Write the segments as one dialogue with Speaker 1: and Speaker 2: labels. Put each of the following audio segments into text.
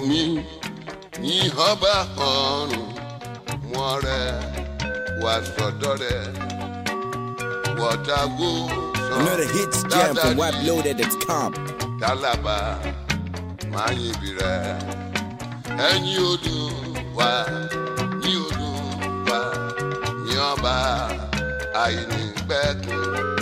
Speaker 1: mi ihe ọba ọrụ mụọ rẹ wà sọdọ rẹ wọtagwo sọ Another hits jam from Wap Loaded that's calm. Dálàbà máa yin ibi rẹ̀. Ẹyin odò wà ní odò wà ní ọba àìnípẹ̀kùn.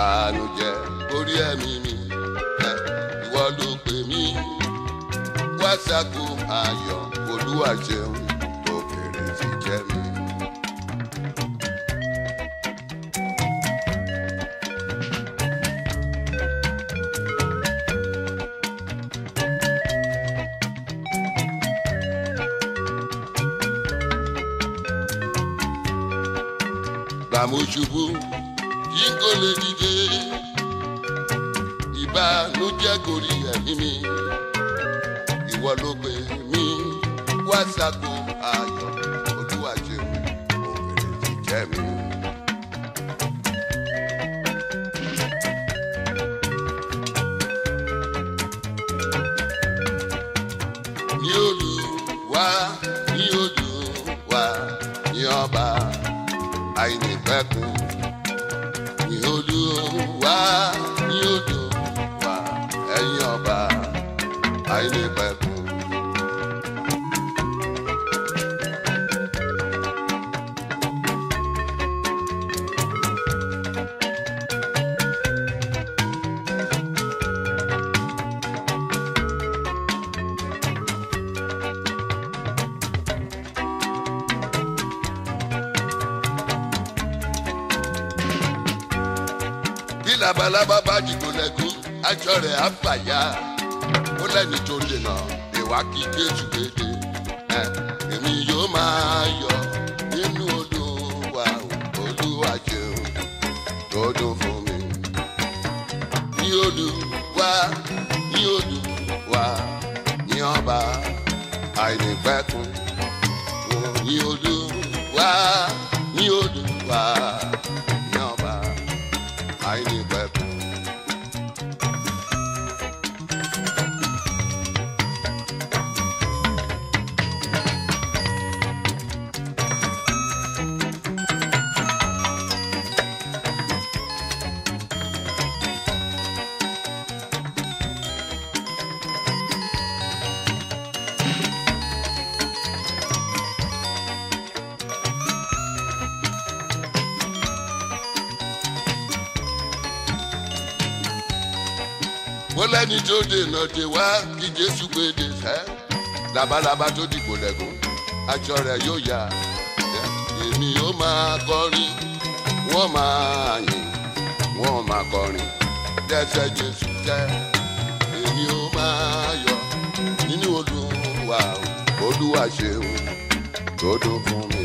Speaker 1: ìbànújẹ́ orí ẹ̀mí mi ìwọ ló pè mí wáṣàkó ayọ̀ olúwa tó kéré sí jẹ́ mi. Gbàmójúbú tí kò lè dìde ìbànújẹ́ gorí ẹ̀mí mi ìwọ ló gbé mi wá sago ayọ̀ olúwa ṣeun òkèlè ti jẹ́ mi. alábàbà dìgbò lẹ́kú àjọ rẹ̀ àbàyà ó lẹ́ni tó dènà ìwà kí Jésù kéde èmi yóò máa yọ̀ nínú Olúwa Olúwa jẹun tó dùn fún mi ní Olúwa ní Olúwa ní ọba àìnípẹ̀kun ní Olúwa ní Olúwa. ó lẹ́ni tó dènà dè wá kí jésù gbé dè sẹ́ labalábá tó dìbò lẹ́gùn aṣọ rẹ̀ yóò yá èmi ó máa kọrin wọ́n máa yìn wọ́n máa kọrin dẹ́sẹ̀ jésù sẹ́ èmi ó máa yọ̀ nínú olúwa olúwa ṣeun tó dún fún mi.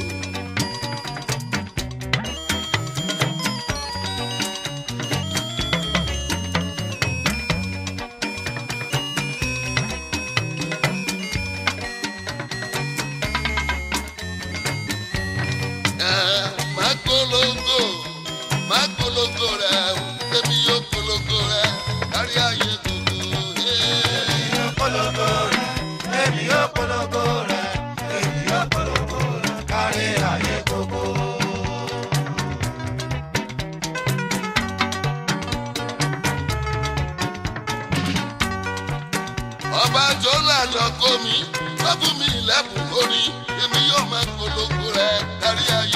Speaker 1: ọba tó lànà kó mi tó fún mi lẹ́bùn orin èmi yóò máa polówó rẹ̀ kárí ayé.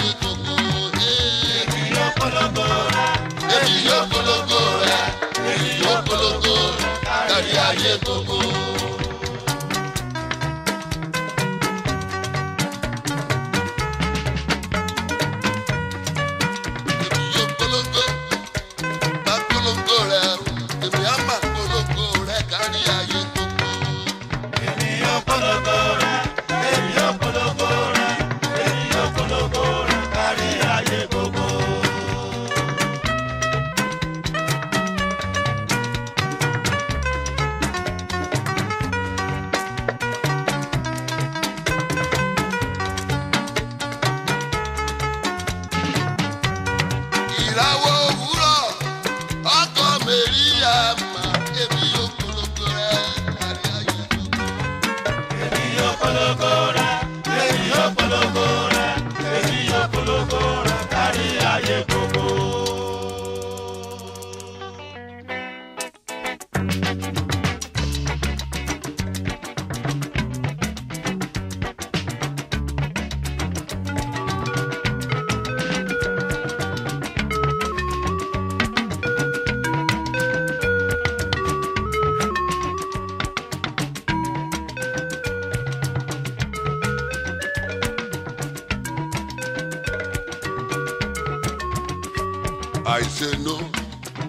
Speaker 1: I say no,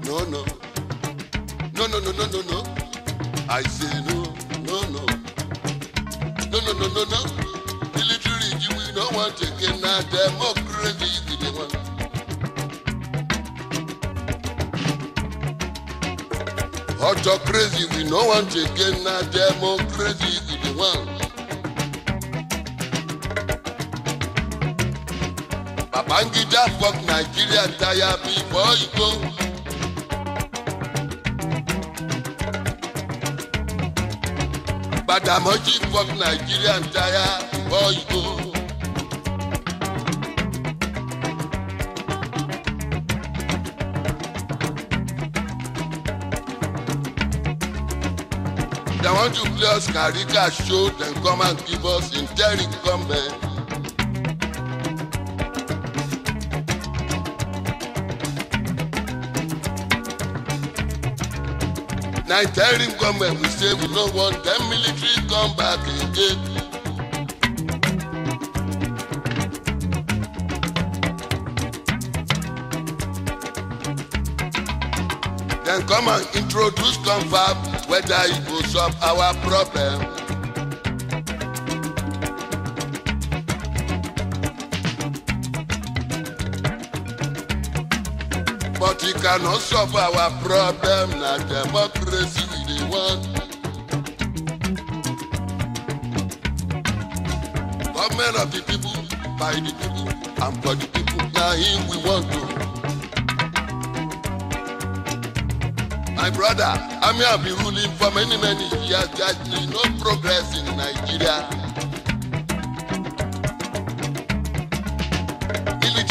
Speaker 1: no, no. No, no, no, no, no, no. I say no, no, no. No, no, no, no, no. Military, you will not want to get a democracy. You dey want. Autocracy, we no want to get a democracy. You dey want. Babangida fuck Nigeria, tire before you go. Badamọ́jì pop Nigeria ń tayá They want to play us Karika show, then come and give us interim comment. nigerian government we say we don't want them military come back again. Then come and introduce confab whether e go solve our problem. But you cannot solve our problem na democracy we dey want. Government of the people, by the people, and for the people na him we want to. My brother, Ami have been ruling for many many years, there's no progress in Nigeria.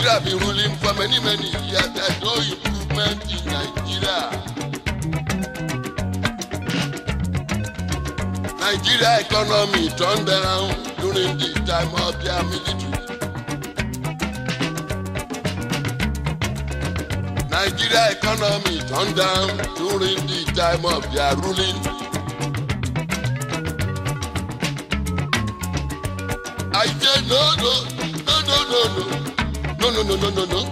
Speaker 1: Nigeria be ruling for many many years. There is no improvement in Nigeria. Nigeria economy turned around during the time of their military. Nigeria economy turned down during the time of their ruling. I said no, no, no, no, no, no. No, no, no, no, no, no.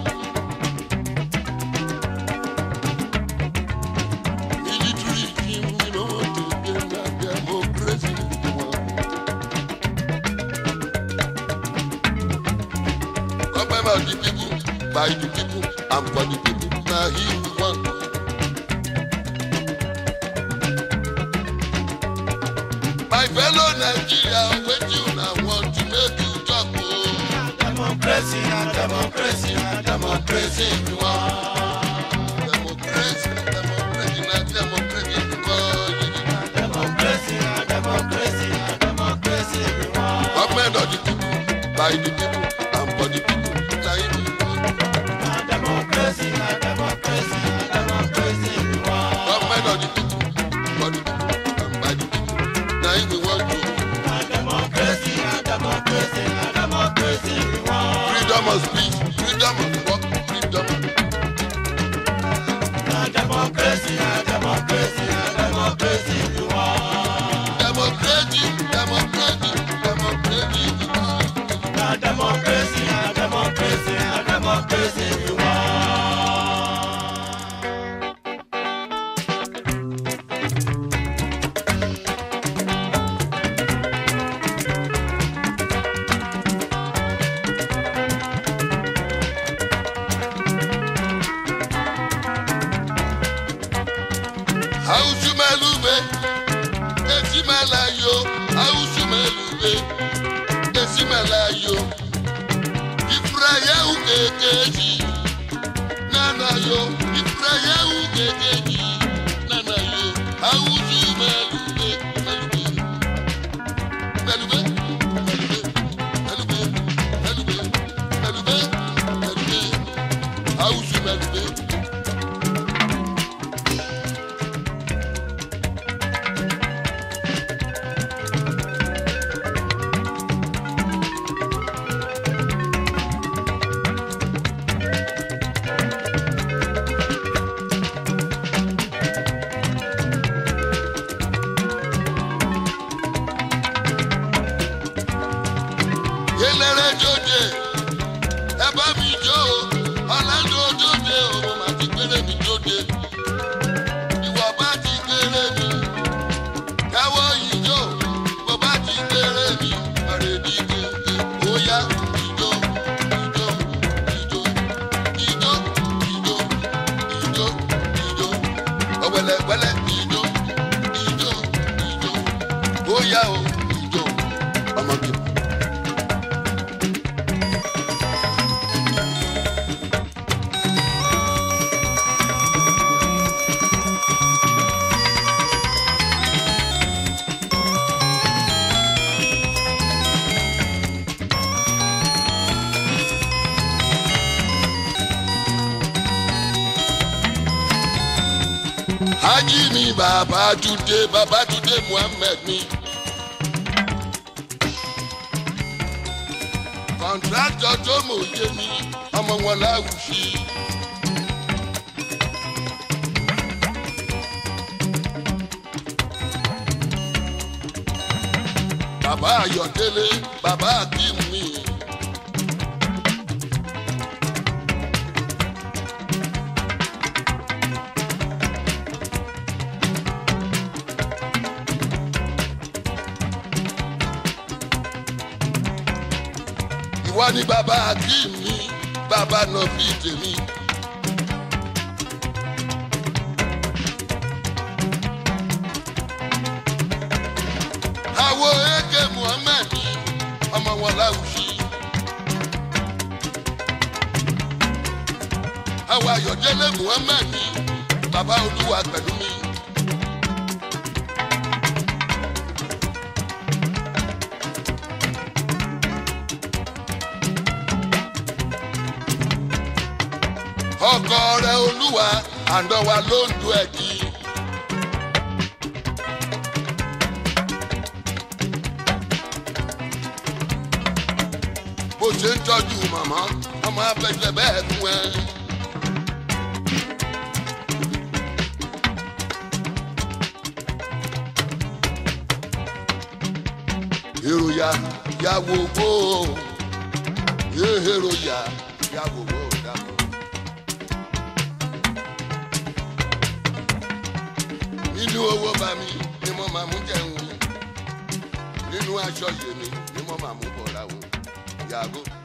Speaker 1: By the people, by the people, and for the people, now he one. My fellow Nigeria, wait till I want democracy democracy democracy we Democracy democracy democracy we Democracy democracy democracy we Government of the people, by the people, and for the people. democracy, la democracy, la democracy you. aláàjì mi Babátúndé Babátúndé Muhammed mi. kọ̀ǹtrátọ̀ tó mòye mi ọmọ wọn láwùjì. bàbá Ayọ̀délé bàbá Akíwù. wá ní bàbá àbí mi bàbá náà bí tèmi. àwo eke Muhammed ọmọ wọn láwùjọ. àwa Ayọ̀délé Muhammed bàbá olúwa pẹ̀lú mi. ọkọ rẹ olúwa àdánwà ló ń du ẹ̀bí. bó ṣe ń tọ́jú màmá ọmọ afẹ́fẹ́ bẹ́ẹ̀ fún ẹ. èròyà yàwó wò ó èròyà yàwó wò. nínú owó bá mi ni mo máa mú jẹun nínú aṣọ yèmí ni mo máa mú bọ̀ra o yàgò.